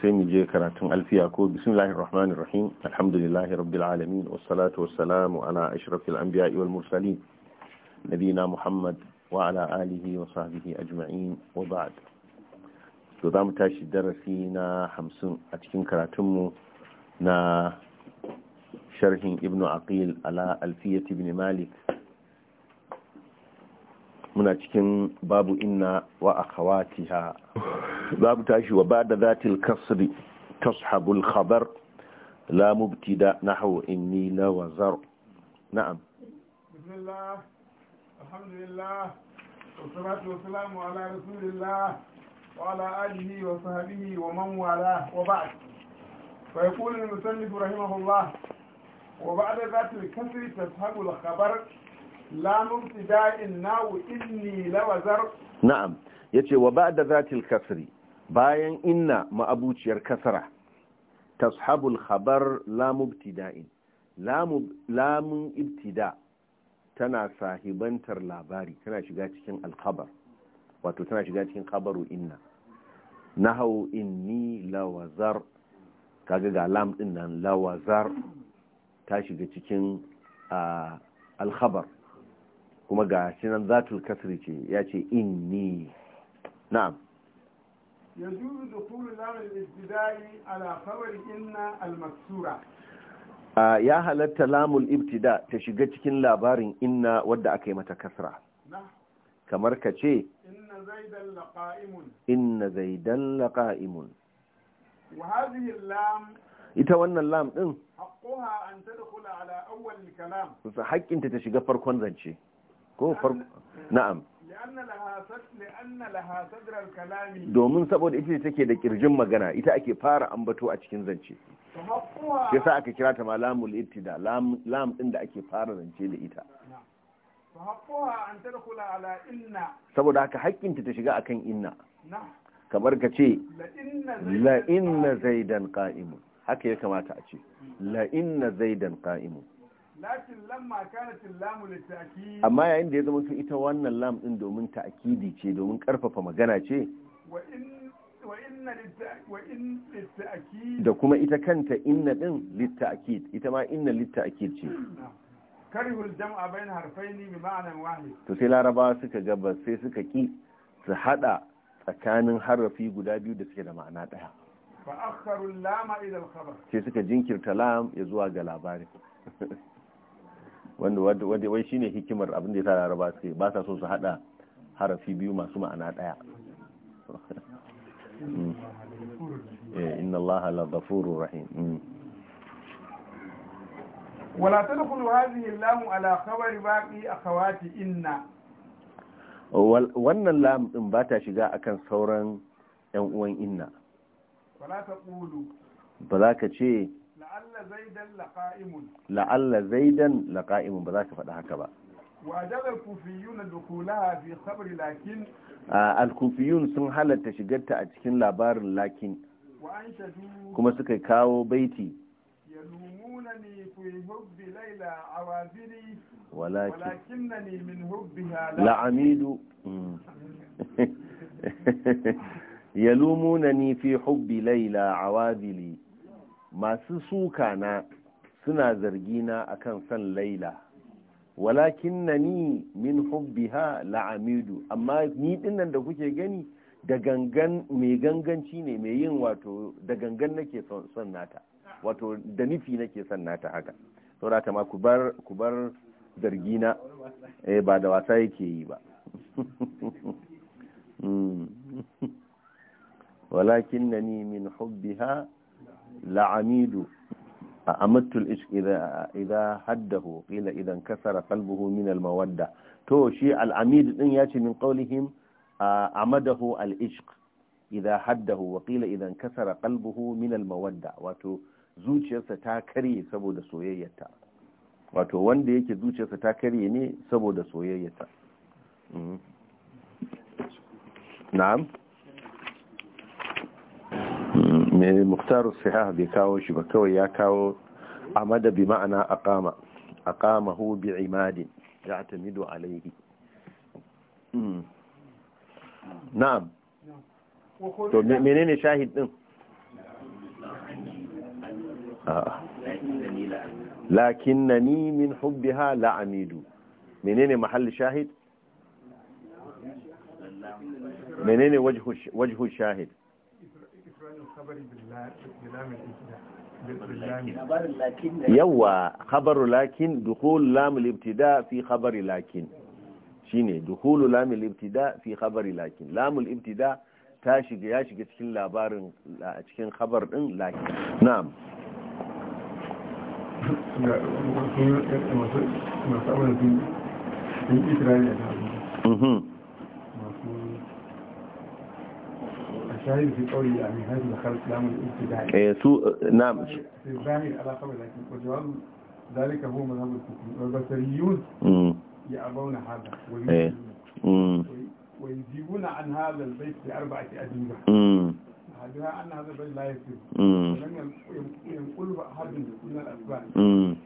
sai mu je karatun alfiya ko bismillahir rahmanir rahim alhamdulillahi rabbil alamin wassalatu wassalamu ala ashrafil anbiya'i wal mursalin nabina muhammad wa ala alihi wa sahbihi ajma'in wa ba'd to zamu tashi darasi na 50 a cikin karatun mu na sharhin ibnu aqil ala alfiyati ibn malik muna cikin babu inna wa akhawatiha باب تاشي وبعد ذات الكسر تصحب الخبر لا مبتدا نحو إني لا وزر نعم بسم الله الحمد لله والصلاة والسلام على رسول الله وعلى آله وصحبه ومن والاه وبعد فيقول المسند رحمه الله وبعد ذات الكسر تصحب الخبر لا مبتدا إنه إني لوزر نعم يتي وبعد ذات الكسر bayan inna ma'abuciyar kasara tashabul khabar lamu lamun ibtida tana sahibantar labari tana shiga cikin alkhabar wato tana shiga cikin khabaru inna nahau inni lawazar kaga ga lam din nan lawazar ta shiga cikin alkhabar kuma ga shi nan zatul kasri ce ya ce inni na'am يجوز دخول لام الابتداء على خبر إن المكسورة ya halatta lamul ibtida ta shiga cikin labarin inna wadda aka yi mata kasra kamar ka ce inna zaidan laqa'imun ita wannan lam din haƙƙinta ta shiga farkon zance ko na'am domin saboda ita take da kirjin magana ita ake fara ambato a cikin zance shi sa aka kira ta ma lamul ittida lam din da ake fara zance da ita saboda haka haƙƙinta ta shiga akan inna kamar ka ce la inna zaidan qa'imun haka ya kamata a ce la inna zaidan qa'imun lakin lamma kanat lamu amma yayin da ya zama ita wannan lam din domin ta'kidi ce domin karfafa magana ce wa in da kuma ita kanta inna din litta'kid ita ma inna litta'kid ce karihul jam'a bain harfaini bi wahid to sai laraba suka gaba sai suka ki su hada tsakanin harafi guda biyu da suke da ma'ana daya fa lama ila al-khabar sai suka jinkirta lam ya zuwa ga labarin wanda wadda wai shine hikimar abin da ya tara raba sai ba sa so su hada harafi biyu masu ma'ana daya eh, inna allaha la ghafurur rahim ولا تدخل هذه اللام على خبر باقي اخوات inna wannan lam din ba ta shiga akan sauran yan uwan inna wala taqulu ba za ka ce la'alla zaidan laqa'imun la'alla zaidan laqa'imun ba za ka faɗi haka ba وأجاب الكوفيون fi في خبر لكن الكوفيون sun halatta shigarta a cikin labarin lakin kuma suka kawo baiti يلومونني في حب ليلى عوازري ولكن ولكنني من masu suka na suna zargina akan san laila walakin na ni min hubbiha la'amidu amma ni dinnan da kuke gani da gangan mai ganganci ne mai yin wato da gangan nake son nata wato da nufi nake son nata haka saboda ta ma ku bar ku bar zargina eh ba da wasa yake yi ba hmm. walakin na ni min hubbiha la'amidu amattu al-ishq idha idha haddahu qila idan kasara qalbuhu min al-mawadda to shi al-amid din yace min qawlihim amadahu al-ishq haddahu wa idan kasara qalbuhu min al-mawadda wato zuciyarsa ta karye saboda soyayyarta wato wanda yake zuciyarsa ta karye ne saboda soyayyarta مختار الصحاح بكاو شبكاو كاو عمد بمعنى أقام أقامه بعماد يعتمد عليه نعم منين شاهد لكنني من حبها لعميد منين محل شاهد منين وجه وجه الشاهد yawwa khabaru lakin dukhul lamul ibtida fi khabari lakin shine dukhulu lamul ibtida fi khabari lakin lamul ibtida ta shiga ya shiga cikin labarin a cikin khabar din lakin na'am masu da shahidu fi kauri a min hajji da khalq lamul ibtida'i eh su na'am shi bayani ala qabla lakin wa jawab dalika huwa madhhab al-kutub wal basriyun mm ya abawna hadha wa eh mm wa yajibuna an hadha al-bayt bi arba'ati adilla mm hadha anna hadha al-bayt la yasir mm lam yanqul ba'd min kulli al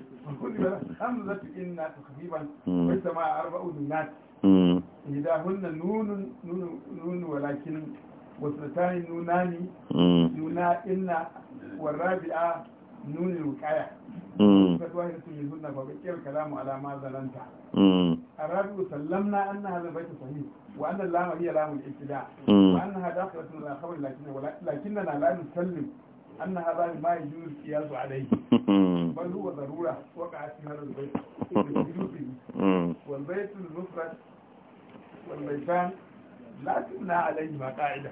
كتب الحمزة إن تخفيفا والسماء أربع دونات إحداهن نون نون ولكن والثاني نونان نونا إن والرابعة نون الوقاية فالواحدة منهن فبكي الكلام على ما ظننت الرابع سلمنا أن هذا البيت صحيح وأن اللام هي لام الابتداع وأنها داخلة على خبر لكننا لا نسلم أن هذا ما يجوز القياس عليه بل هو ضرورة وقعت في هذا البيت والبيت المفرد والبيتان لا تمنع عليهما قاعدة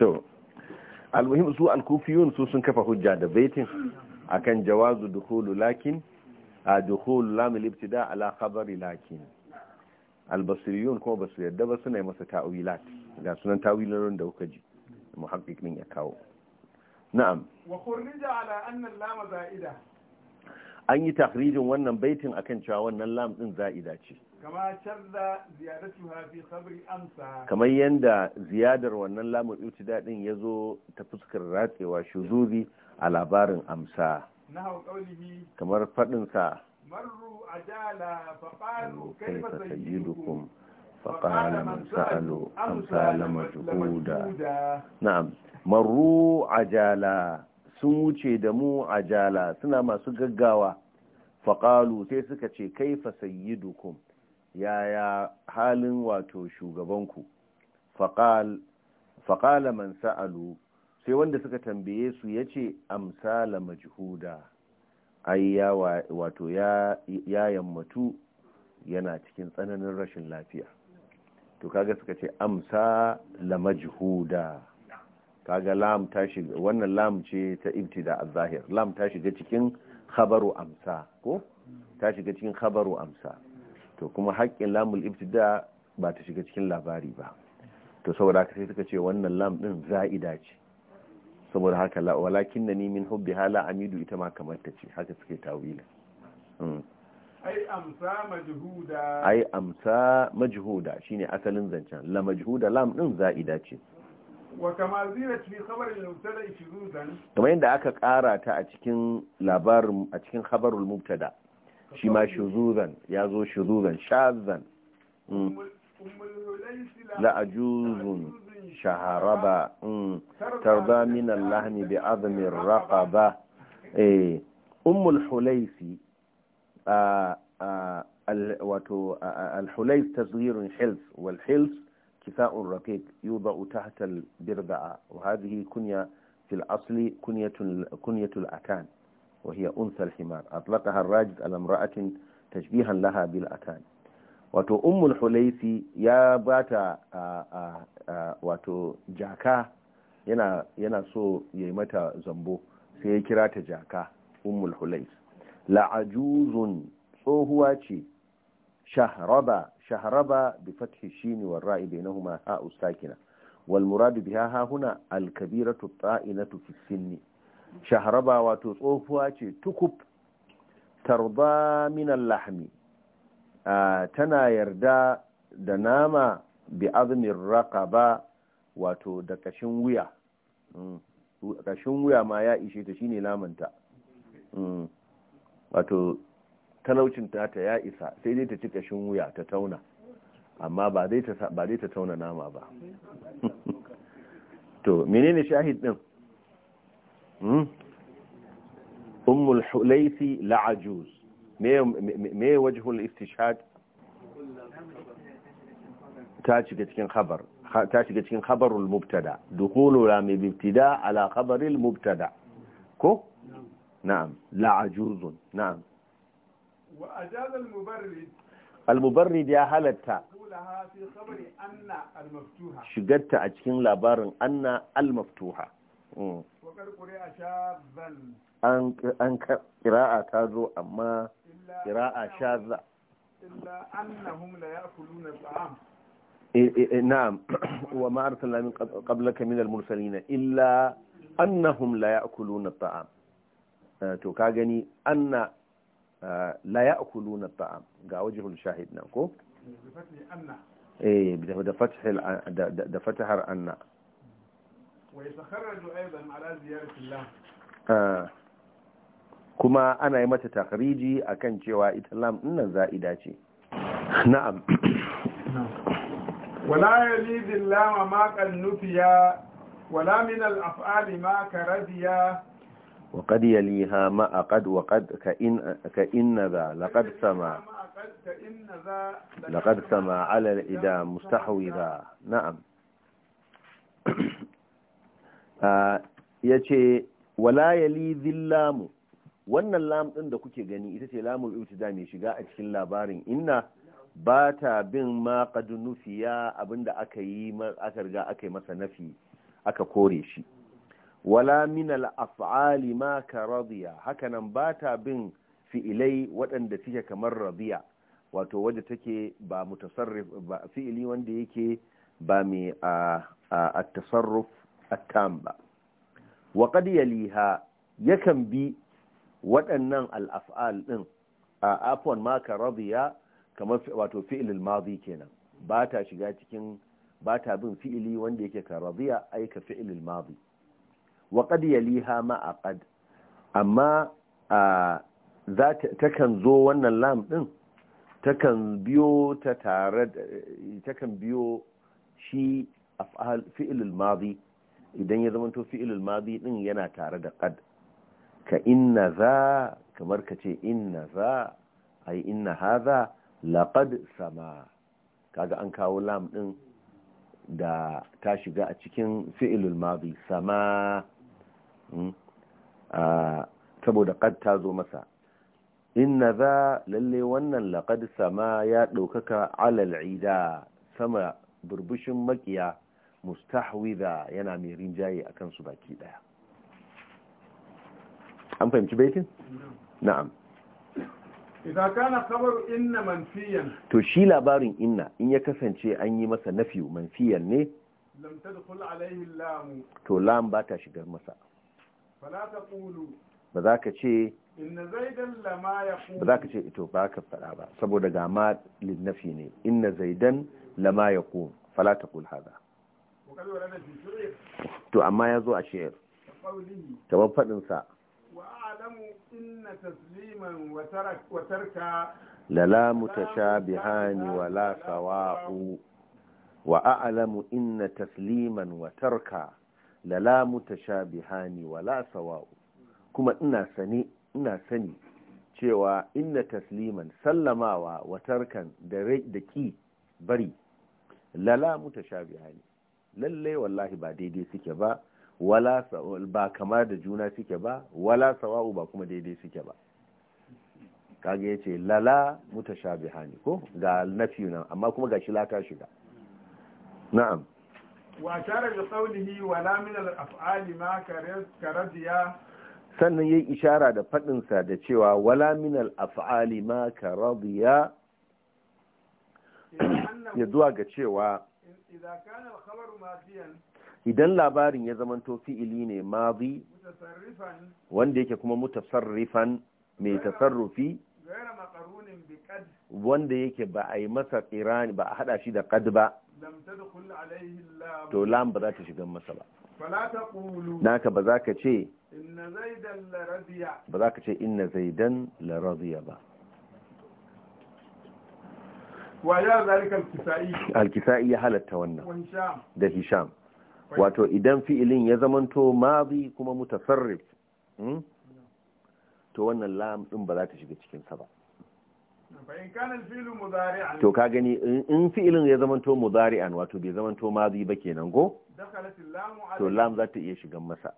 to almuhim su alkufiyun su sun kafa hujja da baitin akan jawazu dukhulu lakin a dukhulu lam al-ibtida ala khabari lakin albasiriyun kuma basu yadda ba suna masa ta'wilat ga sunan ta'wilan da kuka ji muhakkik din ya kawo na'am wa khurrija ala anna lam za'ida an yi takhrijin wannan baitin akan cewa wannan lam din za'ida ce kama fi amsa kamar yanda ziyadar wannan lamul ibtida din yazo ta fuskar ratsewa shuzuzi a labarin amsa nahu qawlihi kamar fadin sa marru ajala fa qalu kayfa فقال من سألوا أمثال مجهودا نعم مروا عجالا sun wuce da mu a jala suna masu gaggawa faƙalu sai suka ce kaifa sayyidukum yaya halin wato shugabanku faƙala man sa'alu sai wanda suka tambaye su yace ce amsala majhuda ai wato ya yammatu yana cikin tsananin rashin lafiya to kaga suka ce amsa la majhuda kaga lam ta shiga wannan lam ce ta ibtida az-zahir lam ta shiga cikin khabaru amsa ko ta shiga cikin khabaru amsa to kuma haƙƙin lamul ibtida ba ta shiga cikin labari ba to saboda haka sai suka ce wannan lam din za'ida ce saboda haka walakin na min hubbi hala amidu ita ma kamar ta ce haka suke tawila hmm. ai amsa majhuda shine asalin zancen la majhuda lam din za'ida ce wa kama fi kamar yadda aka ƙara ta a cikin labarin a cikin khabarul mubtada shi ma shuzuzan zo shuzuzan shazan hmm. la ajuzun shaharaba hmm. tarda min bi azmi raqaba eh ummul hulaisi آه، آه، وتو آه، الحليف تصغير حلف والحلف كفاء رقيق يوضع تحت البردعة وهذه كنية في الأصل كنية, كنية الأتان وهي أنثى الحمار أطلقها الراجد على امرأة تشبيها لها بالأتان وتو أم الحليف يا بات وتو جاكا ينا, ينا سو يمتى زنبو سيكرات جاكا أم الحليف la'ajuzun tsohuwa ce shahraba shahraba bi fathi shini war ra'i bainahuma ha ustakina wal muradu biha ha huna al kabiratu ta'inatu fi sinni shahraba wato tsohuwa ce tukub tarda min al lahmi tana yarda da nama bi azmin raqaba wato da kashin wuya kashin wuya ma ya ishe ta shine lamanta wato talaucin ta ta ya isa sai dai ta ci kashin wuya ta tauna amma ba dai ta tauna nama ba to menene shahid din hmm? ummul hulaisi la'ajuz me wajhul istishhad ta shiga cikin khabar ta shiga cikin khabarul mubtada dukhulu la ala khabaril mubtada ko نعم لا عجوز نعم وأجاز المبرد المبرد يا هلتا قولها في خبر أن المفتوحة شقدت أجكين لابار أن المفتوحة وقد قرأ شاذا أن قراءة تازو أما قراءة شاذة إلا أنهم لا يأكلون الطعام نعم وما أرسلنا من قبلك من المرسلين إلا أنهم لا يأكلون الطعام Eh, to ka gani anna eh, la ya'kuluna ta'am ga wajhul shahid nan ko eh da fathil anna eh, kuma ana yi mata takriji akan cewa ita lam nan za'ida ce na'am wala yalidil lama ma nufiya wala min al af'ali ma karadiya وقد يليها ما قد وقد كإن, كإن ذا لقد سمع لقد سمع على مستحوذا نعم yace wala yali zillamu wannan lam din da kuke gani ita ce lamu ibtida mai shiga a cikin labarin inna ba ta bin ma qad nufiya abinda aka yi aka riga aka yi masa nafi aka kore shi wala min al'af'ali ma ka radiya hakanan ba ta bin fi'ilai waɗanda suke kamar radiya wato wadda take ba mutasarrif ba fi'ili wanda yake ba mai a tasarruf tam ba wa yaliha yakan bi waɗannan al'af'al ɗin a afon maka radiya kamar wato fi'ilil madi kenan ba ta shiga cikin ba ta bin fi'ili wanda yake ka radiya ai ka fi'ilil madi wa qad yaliha ma aqad amma za takan zo wannan lam ɗin takan biyo ta tare takan biyo shi af'al fi'l al-madi idan ya zamanto fi'l al-madi yana tare da ƙad ka inna za kamar ka ce inna za ai inna hadha laqad sama kaga an kawo lam ɗin da ta shiga a cikin fi'ilul madi sama Hmm? Ah, saboda kad ta zo masa inna za lalle wannan laƙad sama ya ɗaukaka alal ida sama burbushin makiya mustahwiza yana mai rinjaye a kansu baki ɗaya an fahimci baitin? na'am idan kana kabar inna manfiyan to shi labarin inna in ya kasance an yi masa nafi manfiyan ne lam tadkhul alaihi lam to lam ba ta shigar masa ba za ka ce ba za ka ce ito ba ka faɗa ba saboda ga ma linnafi ne inna zaidan lama ya ku fala ta kul haza to amma ya zo a shi'ir kamar faɗinsa lala mutashabihani wala sawa'u wa a'lamu inna tasliman wa tarka lala mutashabihani wala sawa'u kuma ina sani ina sani cewa inna tasliman sallamawa wa tarkan da da ki bari lala mutashabihani lalle wallahi ba daidai suke ba wala ba kama da juna suke ba wala sawa'u ba kuma daidai suke ba kaga yace lala mutashabihani ko ga nafi nan amma kuma gashi laka shiga na'am واشار بقوله ولا من الافعال ما كرضيا sannan ya yi ishara da faɗinsa da cewa wala min al'af'ali ma ka radiya ya zuwa ga cewa idan labarin ya zamanto fi'ili ne mazi wanda yake kuma mutasarrifan mai tasarrufi wanda yake ba a yi masa ƙirani ba a hada shi da ƙad ba to lam ba za ta shiga masa ba naka ba za ka ce ba za ka ce inna zaidan la radiya ba alkisa'i ya halatta wannan da hisham wato idan fi'ilin ya zamanto mazi kuma mutafarrif to wannan lam din ba za ta shiga cikinsa ba to ka gani in fi'ilin ya zamanto mudari'an wato bai zamanto mazi ba kenan go to lam za ta iya shigan masa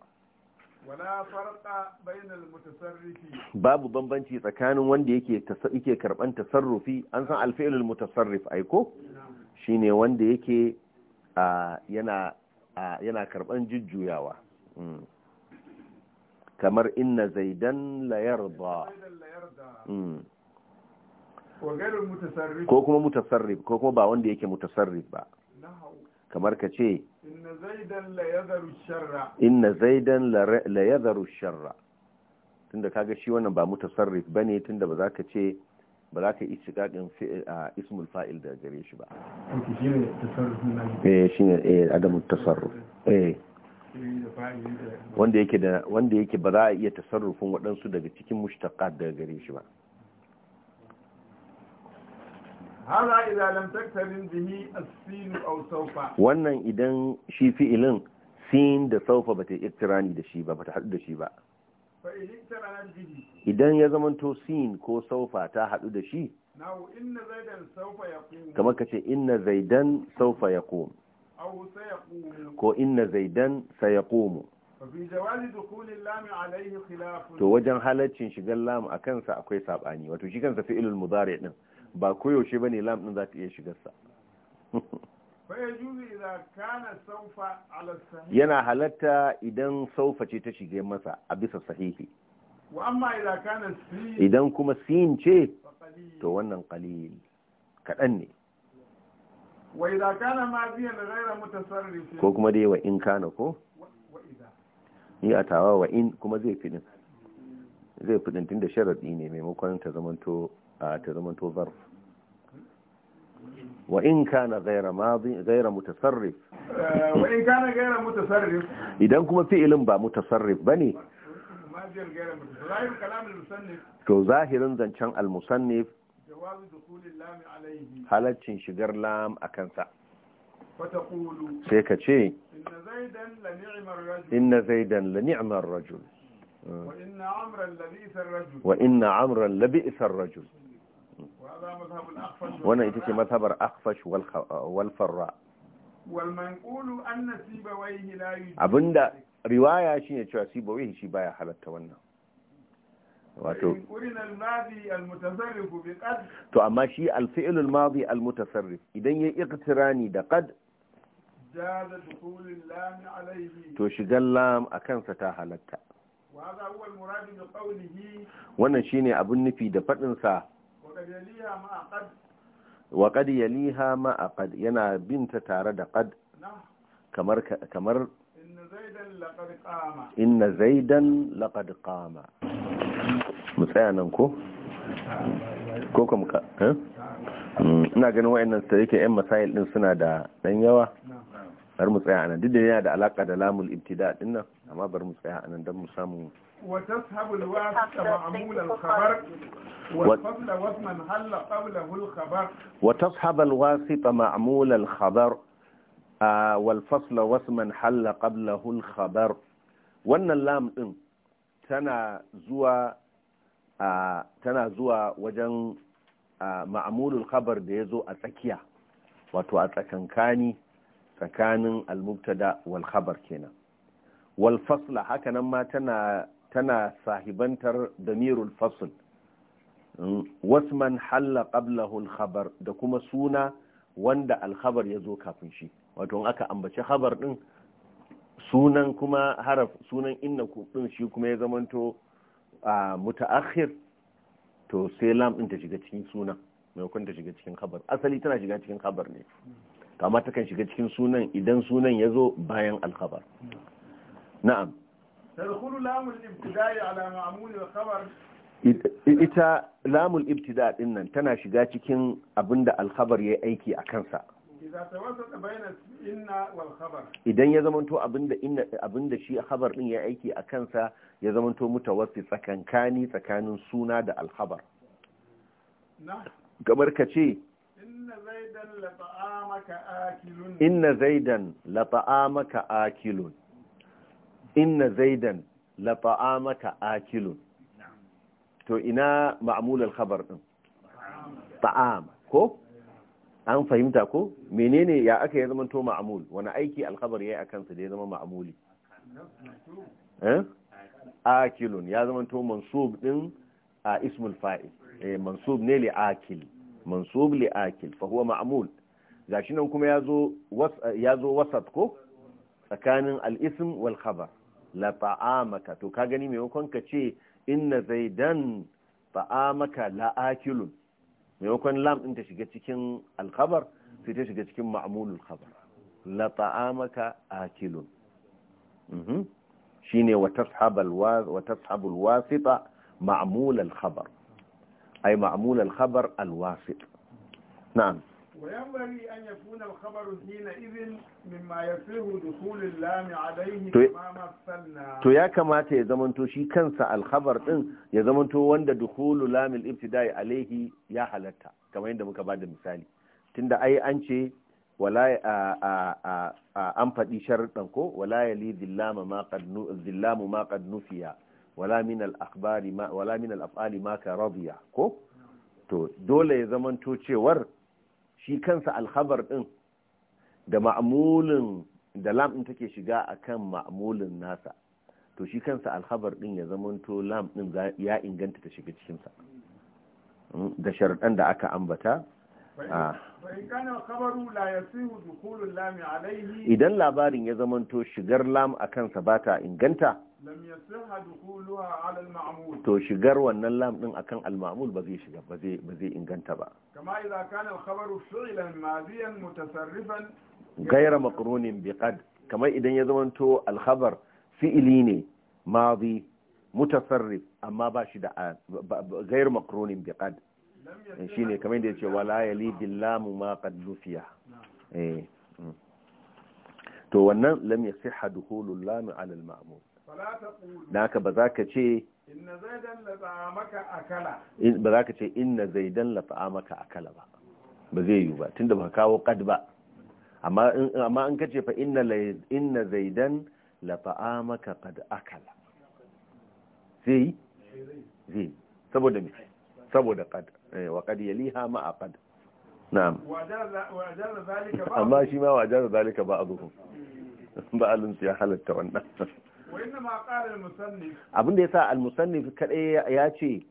babu bambanci tsakanin wanda yake yake karban tasarrufi an san alfi'ilul mutasarrif aiko shine wanda yake yana yana karban jujjuyawa hmm. kamar inna zaidan la yarda ko kuma mutasarrif ko kuma ba wanda yake mutasarrif ba kamar ka ce inna zaidan la yadharu sharra tunda kaga shi wannan ba mutasarrif bane tunda ba za ka ce ba za ka istiqaqin ismul fa'il da gare shi ba eh shine eh eh wanda yake da wanda yake ba za a iya tasarrufin waɗansu daga cikin mushtaqat daga gare shi ba hada idan lam taktarin bihi as-sin aw sawfa wannan idan shi fi'ilin sin da sawfa bata iktirani da shi ba bata hadu da shi ba idan ya to sin ko sawfa ta hadu da shi kamar ka ce inna zaidan sawfa yaqum ko inna zaidan sayaqumu to wajen halaccin shigar lam a kansa akwai sabani wato shi kansa fi'ilul mudari din ba koyaushe ba ne lam ɗin za ta iya shigarsa yana halatta idan saufa ce ta shige masa a bisa sahihi idan kuma sin ce to wannan kalil kaɗan ne ko kuma dai wa in kana ko ni a tawa wa in kuma zai fidin zai fidin tun da sharaɗi ne maimakon ta zamanto a ta zama wa in kana gaira madi idan kuma fi'ilin ba mutasarrif bane to zahirin zancen al-musannif halaccin shigar lam a kansa sai ka ce inna zaidan la ni'mar rajul wa inna amran labi'isar rajul wannan ita ce mazhabar akhfash wal farra abinda riwaya shi ne cewa sibawaihi shi baya halatta wannan wato to amma shi alfi'il al-madi al idan ya iqtirani da qad to shigan lam a kansa ta halatta wannan shine abin nufi da faɗinsa wa qad yaliha ma aqad yana binta tare da qad kamar kamar inna zaidan laqad qama mu tsaya nan ko ko kuma ka mm, ina ganin wayannan sai yake yan masail din suna da dan yawa bar mu tsaya anan duk da yana da alaka da lamul ibtida din nan amma bar mu tsaya anan dan mu samu وتسحب الواسطة معمول الخبر والفصل واسما هل قبله الخبر وتصحب الواسطة معمول الخبر والفصل واسما حل قبله الخبر wannan lam ɗin tana zuwa tana zuwa wajen ma'amulul khabar da ya zo a tsakiya wato a tsakankani tsakanin almubtada wal khabar kenan wal fasla hakanan ma tana tana sahibantar damirul fasl mm. wasman halla qablahu khabar da kuma suna wanda al ya yazo kafin shi wato aka ambaci khabar din sunan kuma haraf sunan inna din shi kuma ya zamanto mutaakhir to sai lam din ta shiga cikin sunan maimakon ta shiga cikin khabar asali tana shiga cikin khabar ne kama ta kan shiga cikin sunan idan sunan ya zo bayan alkhabar mm. na'am ita lamul ibtida din nan tana shiga cikin abinda alkhabar ya aiki a kansa idan ya zamanto abinda inna abinda shi khabar din ya aiki a kansa ya zamanto wasu tsakankani tsakanin suna da alkhabar kamar ka ce inna zaidan la ta'amaka akilun inna zaidan la ta'amaka akilun to ina ma'amul al-khabar din ta'am ko an fahimta ko menene ya aka ya zama to ma'amul wani aiki al-khabar yayi akan sa da ya zama ma'amuli eh akilun ya zama to mansub din a ismul fa'il eh mansub ne li akil mansub li akil fa huwa ma'mul gashi nan kuma yazo yazo wasat ko tsakanin al-ism wal khabar la fa’amaka to ka gani maimakon ka ce inna zaidan fa'amaka la akilun maimakon lam din ta shiga cikin alkhabar sai ta shiga cikin ma'mulul khabar la fa’amaka akilun mhm. shine wa tashabal wa tashabul wasita ma'mul al khabar ay ma'mul khabar al na'am to ya kamata ya حينئذ مما kansa دخول اللام عليه كما wanda تو يا كما يزمنتو شي كنسا الخبر دين يزمنتو وند دخول لام muka bada misali tunda ai an ce wala an faɗi sharuɗan ko wala yali zillamu ma qad zillamu ma qad nufiya wala min al akhbari ma wala min al af'ali ma ka radiya ko to dole ya zamanto cewar shi kansa alhabar ɗin da ma'amulin da lam ɗin take shiga a kan ma'amulin nasa to shi kansa alhabar ɗin ya zamanto lam ɗin ya inganta ta shiga cikinsa hmm, da sharaɗan da aka ambata ah. idan labarin ya zamanto shigar lam a kansa ba ta inganta to shigar wannan lam din akan al-ma'mul ba zai shiga ba zai ba zai inganta ba kama idza kana al-khabaru fi'lan madiyan mutasarrifan ghayra maqrunin biqad kama idan ya zamanto al-khabar fi'li ne madi mutasarrif amma ba shi da ghayr maqrunin biqad eh, shine kamar yadda yace wala yali billamu ma qad nufiya eh, mm. to wannan lam yasihha dukhulul lam ala al-ma'mul bazaka haka ba za ka ce ba za ka ce inna zaidan lafa'a maka akala ba ba zai yiwu ba tunda ba kawo kad ba amma an kace fa inna zaidan lafa'a maka kad akala zai zai saboda me saboda kad eh, wa kad yaliha ma a kad na'am amma shi ma wajar zalika ba a zuhun ba alinsu ya halatta wannan abin da ya sa al kadai ya ce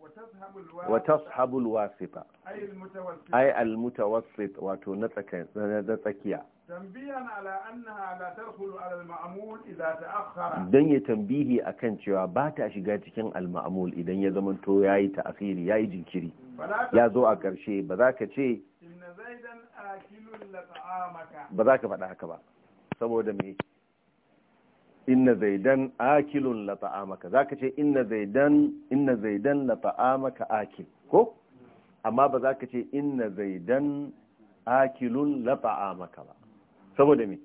wa sahabul wasifa Ai al-mutawassit wato na tsakiya don ya tambihi kan cewa ba ta shiga cikin al idan ya zama to yayi ya yayi jinkiri ya zo a ƙarshe ba za ka ce ba za ka faɗa haka ba saboda me inna zaidan akilun la ta'amaka ka ce inna zaidan inna zaidan la ta'amaka akil ko amma ba za ka ce inna zaidan akilun la ta'amaka ba saboda me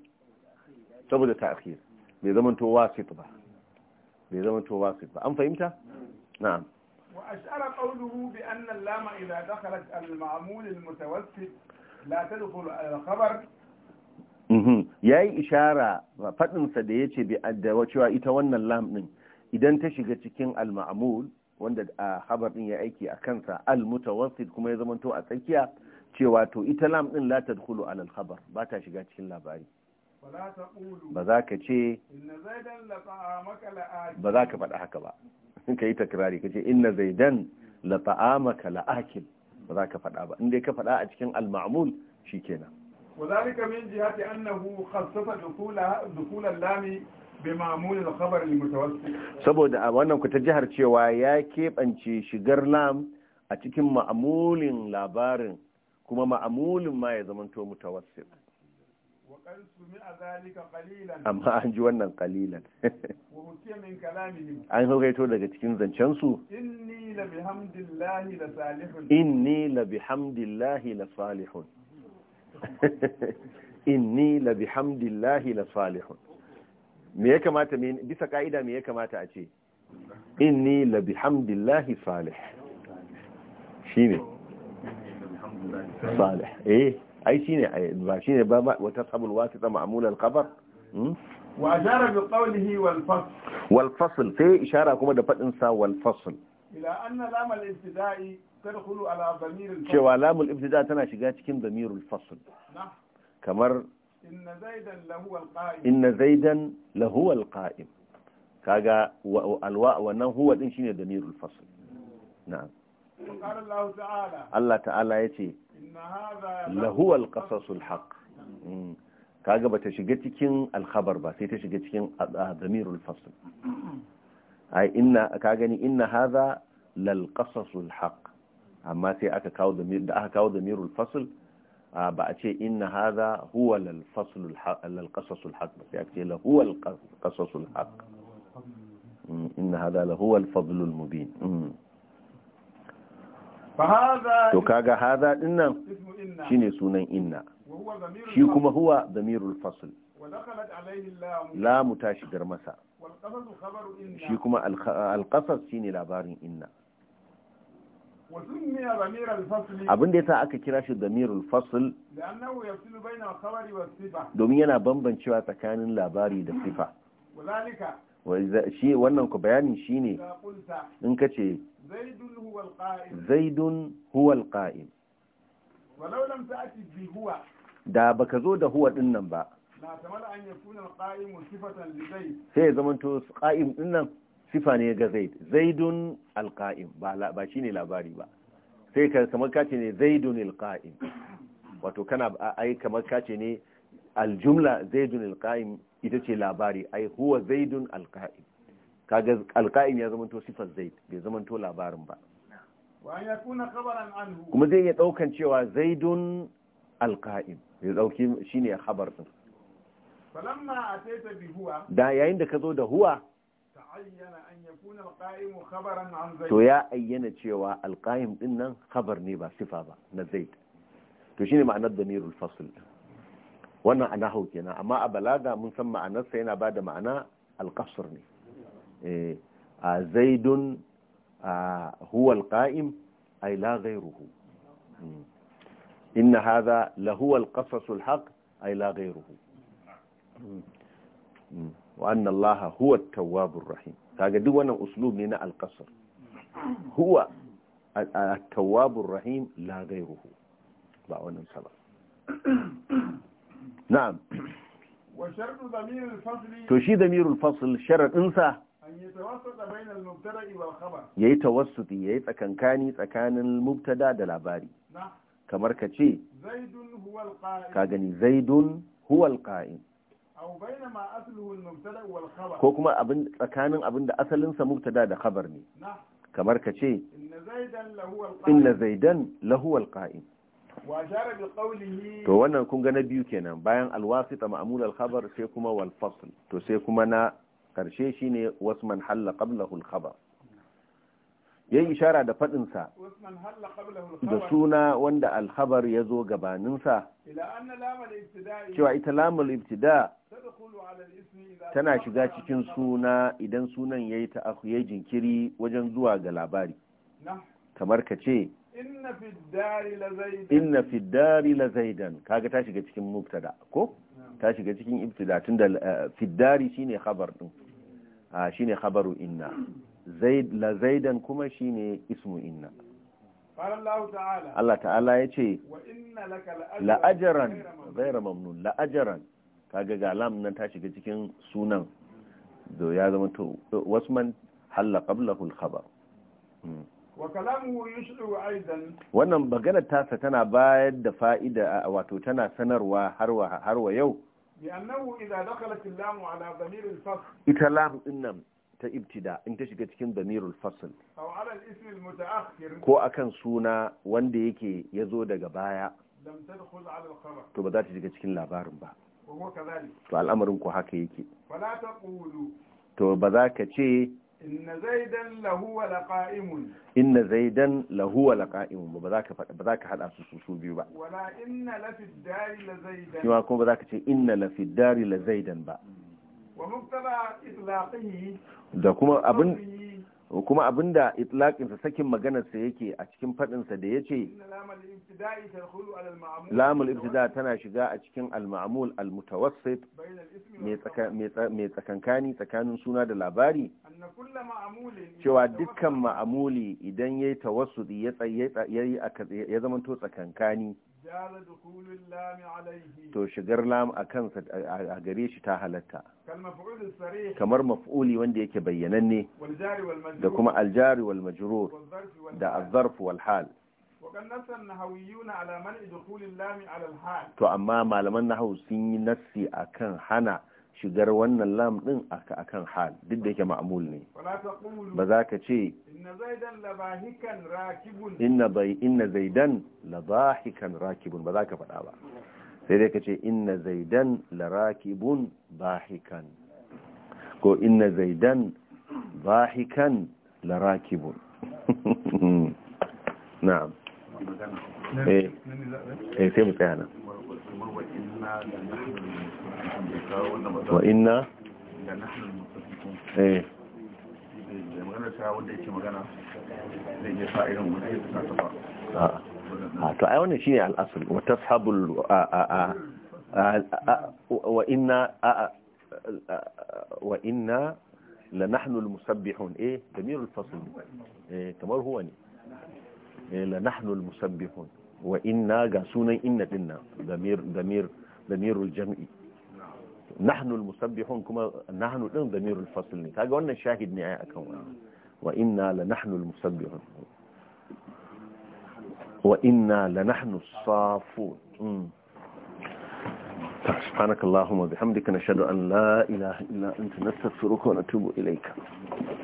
saboda ta'khir bai zama to wasit ba bai zama to wasit ba an fahimta na'am wa ashara qawluhu bi anna al-lama idha dakhalat al-ma'mul al-mutawassit la tadkhulu al-khabar Mhm. ya yi ishara faɗinsa da ya ce bi addawa cewa ita wannan lam ɗin idan ta shiga cikin al-ma'amul wanda a habar ɗin ya aiki a kansa al-mutawassit kuma ya zamanto a tsakiya cewa to ita lam ɗin la ta dukulu alal habar ba ta shiga cikin labari ba za ka ce ba za ka faɗa haka ba ka yi takirari ka ce inna zaidan la ta'amaka ba za ka faɗa ba in dai ka faɗa a cikin al shi kenan. وذلك من جهة أنه خصص دخول اللام بمعمول الخبر المتوسط saboda wannan ku ta jihar cewa ya keɓance shigar lam a cikin ma'amulin labarin kuma ma'amulin ma ya zamanto mutawassit amma an ji wannan kalilan an huraito daga cikin zancensu inni la bihamdillahi la salihun inni la hamdillahi la salihun me ya kamata bisa ka'ida me ya kamata a ce inni la bihamdillahi salih shine salih eh ai ne ba shine ba wata sabul wasu ma'mul al-khabar hmm? wa ashara bi qawlihi wal fasl wal fasl sai ishara kuma da fadin sa wal fasl ila anna lam al-ibtida'i cewa lamul ibtida tana shiga cikin damirul fasl kamar inna zaidan lahuwa qaim kaga wa alwa wannan huwa din shine damirul fasl na'am Allah ta'ala ya ce lahuwa alqasasul haqq mm. kaga bata shiga cikin alkhabar ba sai ta shiga cikin damirul fasl ai inna ka gani inna hadha lal qasasul haqq amma sai aka kawo da aka kawo da mirul fasl ba a ce inna hadha huwa lal fasl lal qasas al haqq sai a ce la huwa al qasas al haqq mm, inna hadha la huwa al fadl al mubin mm. to kaga hadha dinnan shine sunan inna shi kuma huwa damirul fasl la mu ta shigar masa shi kuma alƙasas shi ne labarin inna abin da ya sa aka kira shi damirul fasl domin yana bambancewa tsakanin labari da sifa shi wannan ku shi ne, in ka ce zaidun huwal qa'im da baka zo da huwa dinnan ba sai ya zamanto qa'im din nan sifa ne ga zaid zaidun alqa'im ba ba shine labari ba sai ka kamar kace ne zaidun alqa'im wato kana ai kamar kace ne aljumla zaidun alqa'im ita ce labari ai huwa zaidun alqa'im kaga alqa'im ya zamanto sifar zaid bai zamanto labarin ba kuma zai iya daukan cewa zaidun alqa'im ya dauki shine khabar din da yayin da ka zo da huwa يكون القائم خبرا عن زيد يا اينا تشيوا القائم ان خبر ني با صفه با ن زيد تو شنو معنى ضمير الفصل وانا انا هو كنا اما ابلاغه من سمع ان سينا بعد معنى القصر ني إيه زيد هو القائم اي لا غيره ان هذا لهو القصص الحق اي لا غيره wa anna allaha huwa at rahim kaga duk wannan uslub ne na al huwa at-tawwabur rahim la ghayruhu ba wannan saba na'am wa shartu damir al-fasl to shi damir al-fasl sharadin sa yayi tawassuti yayi tsakanin mubtada da labari kamar ka ce ka gani zaidun huwal qa'im ko kuma abin tsakanin abin da asalinsa mubtada da khabar ne kamar ka ce inna zaidan lahu qa'im to wannan kun ga na biyu kenan bayan alwasita ma'mul al-khabar sai kuma wal to sai kuma na karshe shine wasman halla qablahu al-khabar ya yi ishara da faɗinsa da suna wanda alhabar ya zo gabaninsa cewa ita lamul ibtida tana shiga cikin suna idan sunan ya yi jinkiri wajen zuwa ga labari kamar ka ce inna fiddari la zaidan kaga ta shiga cikin mubtada ko ta shiga cikin ibtida tunda eh, fi shine khabar din ah, shine khabaru inna la zaidan kuma shi ne ismu inna Allah ta'ala ya ce la'ajaran zaira mamnun la'ajaran kaga ga lam nan ta shiga cikin sunan da ya zama to man halla kabla al-khabar hmm. wannan maganar tasa tana bayar da fa'ida wato tana sanarwa har wa yau lam ita lam din ta ibtida in ta shiga cikin damirul fasl ko akan suna wanda yake ya zo daga baya to ba za ta shiga cikin labarin ba to al'amarin ku haka yake to ba za ka ce inna zaidan lahu wa laqa'imun inna zaidan lahu wa ba za ka ba za ka hada su su biyu ba wala inna lafid dari la zaidan kuma ba za ka ce inna lafid dari la zaidan ba da kuma abin kuma abinda itlaqinsa sakin maganarsa yake a cikin faɗinsa da yace lamul ibtida tana shiga a cikin al-ma'mul al-mutawassit mai tsakankani tsakanin suna da labari cewa dukkan ma'amuli idan yayi tawassudi ya ya zamanto tsakankani to shigar lam a kansa a gare shi ta halatta kamar maf'uli wanda yake bayyananne da kuma aljari wal majrur da azzarf wal hal to amma malaman nahawu sun yi nassi akan hana shigar wannan lam din aka akan hal duk da yake ma'amul ne ba za ka ce inna bai inna zaidan labahikan rakibun ba za ka faɗa ba sai dai ka ce inna zaidan larakibun bahikan ko inna zaidan bahikan larakibun na'am eh, eh sai mu tsaya nan wa inna eh a wa inna wa inna la nahnu musabbihun eh damir al eh, kamar huwa eh, la nahnu musabbihun wa ga sunan inna dinna damir damir damirul jam'i nahnul musabbihun kuma nahnu din damirul fasl ne kaga wannan shahid ne ai akan wannan wa inna la nahnul musabbihun wa inna la nahnu safun سبحانك اللهم وبحمدك نشهد أن لا إله إلا أنت نستغفرك ونتوب إليك